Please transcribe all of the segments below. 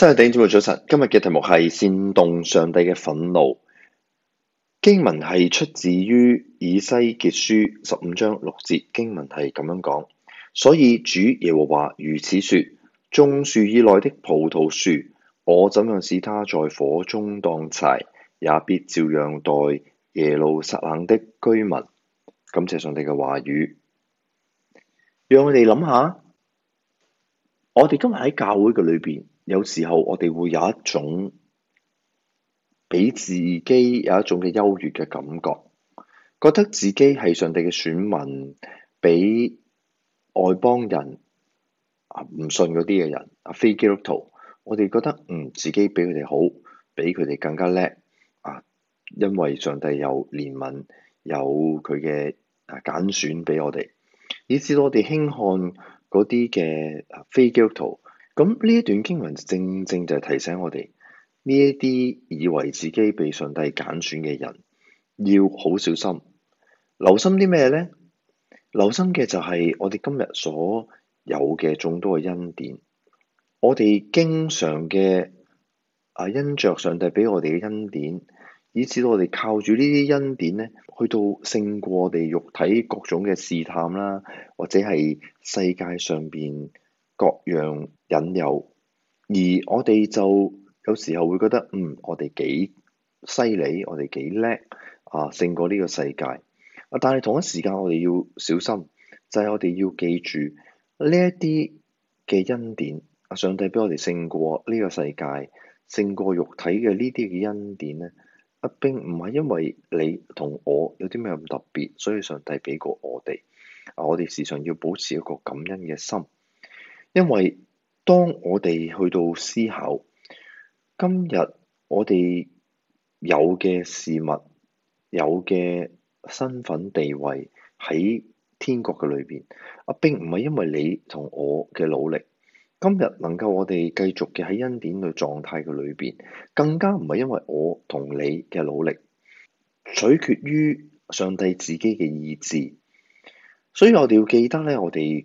真係頂住早晨，今日嘅題目係煽動上帝嘅憤怒。經文係出自於以西結書十五章六節，經文係咁樣講。所以主耶和華如此說：眾樹以內的葡萄樹，我怎樣使它在火中當柴，也必照樣待耶路撒冷的居民。感謝上帝嘅話語，讓我哋諗下，我哋今日喺教會嘅裏邊。有時候我哋會有一種俾自己有一種嘅優越嘅感覺，覺得自己係上帝嘅選民，比外邦人啊、唔信嗰啲嘅人啊、非基督徒，我哋覺得嗯自己比佢哋好，比佢哋更加叻啊，因為上帝有憐憫，有佢嘅啊揀選俾我哋，以致我哋輕看嗰啲嘅非基督徒。咁呢一段經文正正就係提醒我哋，呢一啲以為自己被上帝揀選嘅人，要好小心，留心啲咩呢？留心嘅就係我哋今日所有嘅眾多嘅恩典，我哋經常嘅啊因著上帝俾我哋嘅恩典，以致我哋靠住呢啲恩典咧，去到勝過我哋肉體各種嘅試探啦，或者係世界上邊，各樣引誘，而我哋就有時候會覺得，嗯，我哋幾犀利，我哋幾叻，啊，勝過呢個世界。啊，但係同一時間，我哋要小心，就係我哋要記住呢一啲嘅恩典。啊，上帝俾我哋勝過呢個世界，勝過肉體嘅呢啲嘅恩典咧。啊，並唔係因為你同我有啲咩咁特別，所以上帝俾過我哋。啊，我哋時常要保持一個感恩嘅心。因為當我哋去到思考今日我哋有嘅事物、有嘅身份地位喺天國嘅裏邊，啊，並唔係因為你同我嘅努力，今日能夠我哋繼續嘅喺恩典嘅狀態嘅裏邊，更加唔係因為我同你嘅努力，取決於上帝自己嘅意志。所以我哋要記得咧，我哋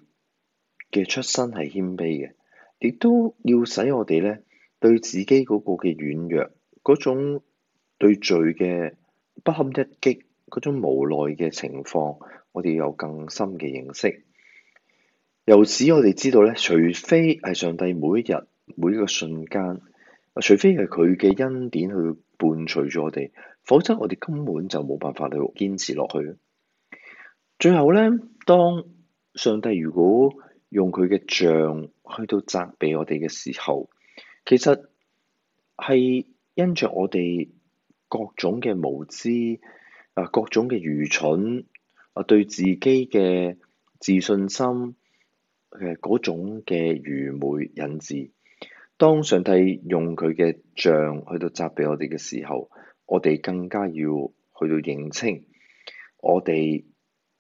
嘅出身係謙卑嘅，亦都要使我哋咧對自己嗰個嘅軟弱，嗰種對罪嘅不堪一擊，嗰種無奈嘅情況，我哋有更深嘅認識，由此我哋知道咧，除非係上帝每一日每一個瞬間，除非係佢嘅恩典去伴隨咗我哋，否則我哋根本就冇辦法去堅持落去。最後咧，當上帝如果用佢嘅杖去到責備我哋嘅時候，其實係因着我哋各種嘅無知啊，各種嘅愚蠢啊，對自己嘅自信心嘅嗰種嘅愚昧引致。當上帝用佢嘅杖去到責備我哋嘅時候，我哋更加要去到認清我哋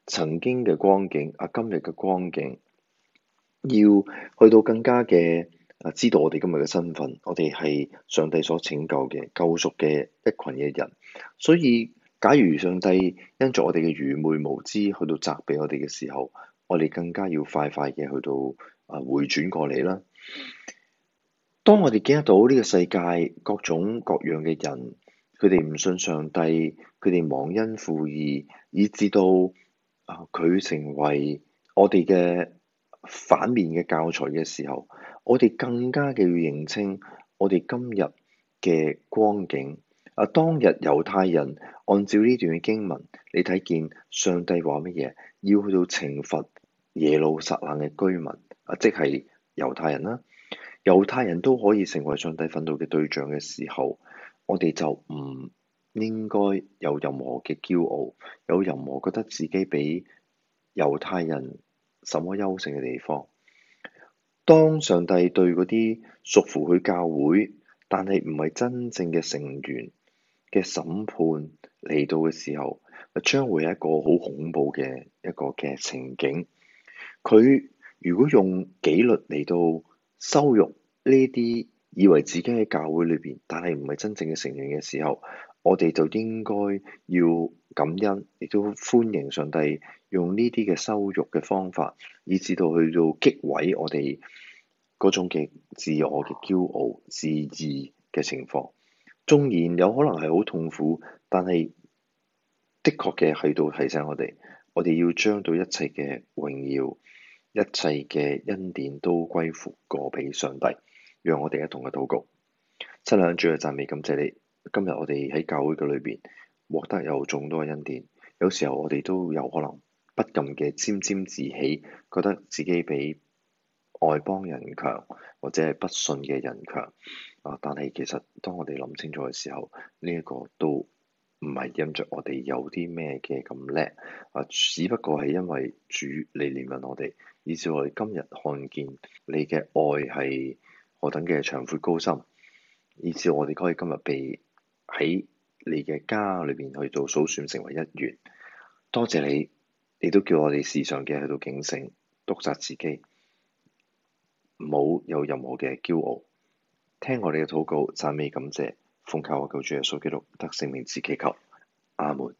曾經嘅光景啊，今日嘅光景。要去到更加嘅啊，知道我哋今日嘅身份，我哋係上帝所拯救嘅救贖嘅一群嘅人。所以，假如上帝因着我哋嘅愚昧無知，去到責備我哋嘅時候，我哋更加要快快嘅去到啊回轉過嚟啦。當我哋見得到呢個世界各種各樣嘅人，佢哋唔信上帝，佢哋忘恩負義，以至到啊佢成為我哋嘅。反面嘅教材嘅時候，我哋更加嘅要認清我哋今日嘅光景。啊，當日猶太人按照呢段嘅經文，你睇見上帝話乜嘢，要去到懲罰耶路撒冷嘅居民，啊，即係猶太人啦，啊。猶太人都可以成為上帝憤怒嘅對象嘅時候，我哋就唔應該有任何嘅驕傲，有任何覺得自己比猶太人。什麼優勝嘅地方？當上帝對嗰啲屬乎佢教會，但係唔係真正嘅成員嘅審判嚟到嘅時候，將會係一個好恐怖嘅一個嘅情景。佢如果用紀律嚟到羞辱呢啲以為自己喺教會裏邊，但係唔係真正嘅成員嘅時候，我哋就應該要感恩，亦都歡迎上帝用呢啲嘅羞辱嘅方法，以至到去到擊毀我哋嗰種嘅自我嘅驕傲自義嘅情況。縱然有可能係好痛苦，但係的確嘅喺度提醒我哋，我哋要將到一切嘅榮耀、一切嘅恩典都歸乎過俾上帝，讓我哋一同嘅禱告。真係主，最嘅讚美，感謝你今日我哋喺教會嘅裏邊。獲得有眾多嘅恩典，有時候我哋都有可能不禁嘅沾沾自喜，覺得自己比外邦人強，或者係不信嘅人強。啊！但係其實當我哋諗清楚嘅時候，呢、這、一個都唔係因著我哋有啲咩嘅咁叻，啊！只不過係因為主你憐憫我哋，以至我哋今日看見你嘅愛係何等嘅長闊高深，以至我哋可以今日被喺你嘅家裏邊去做數算成為一員，多謝你，你都叫我哋時常嘅去到警醒，督責自己，冇有任何嘅驕傲。聽我哋嘅禱告，讚美感謝，奉靠我救主耶穌基督得勝名字祈求，阿門。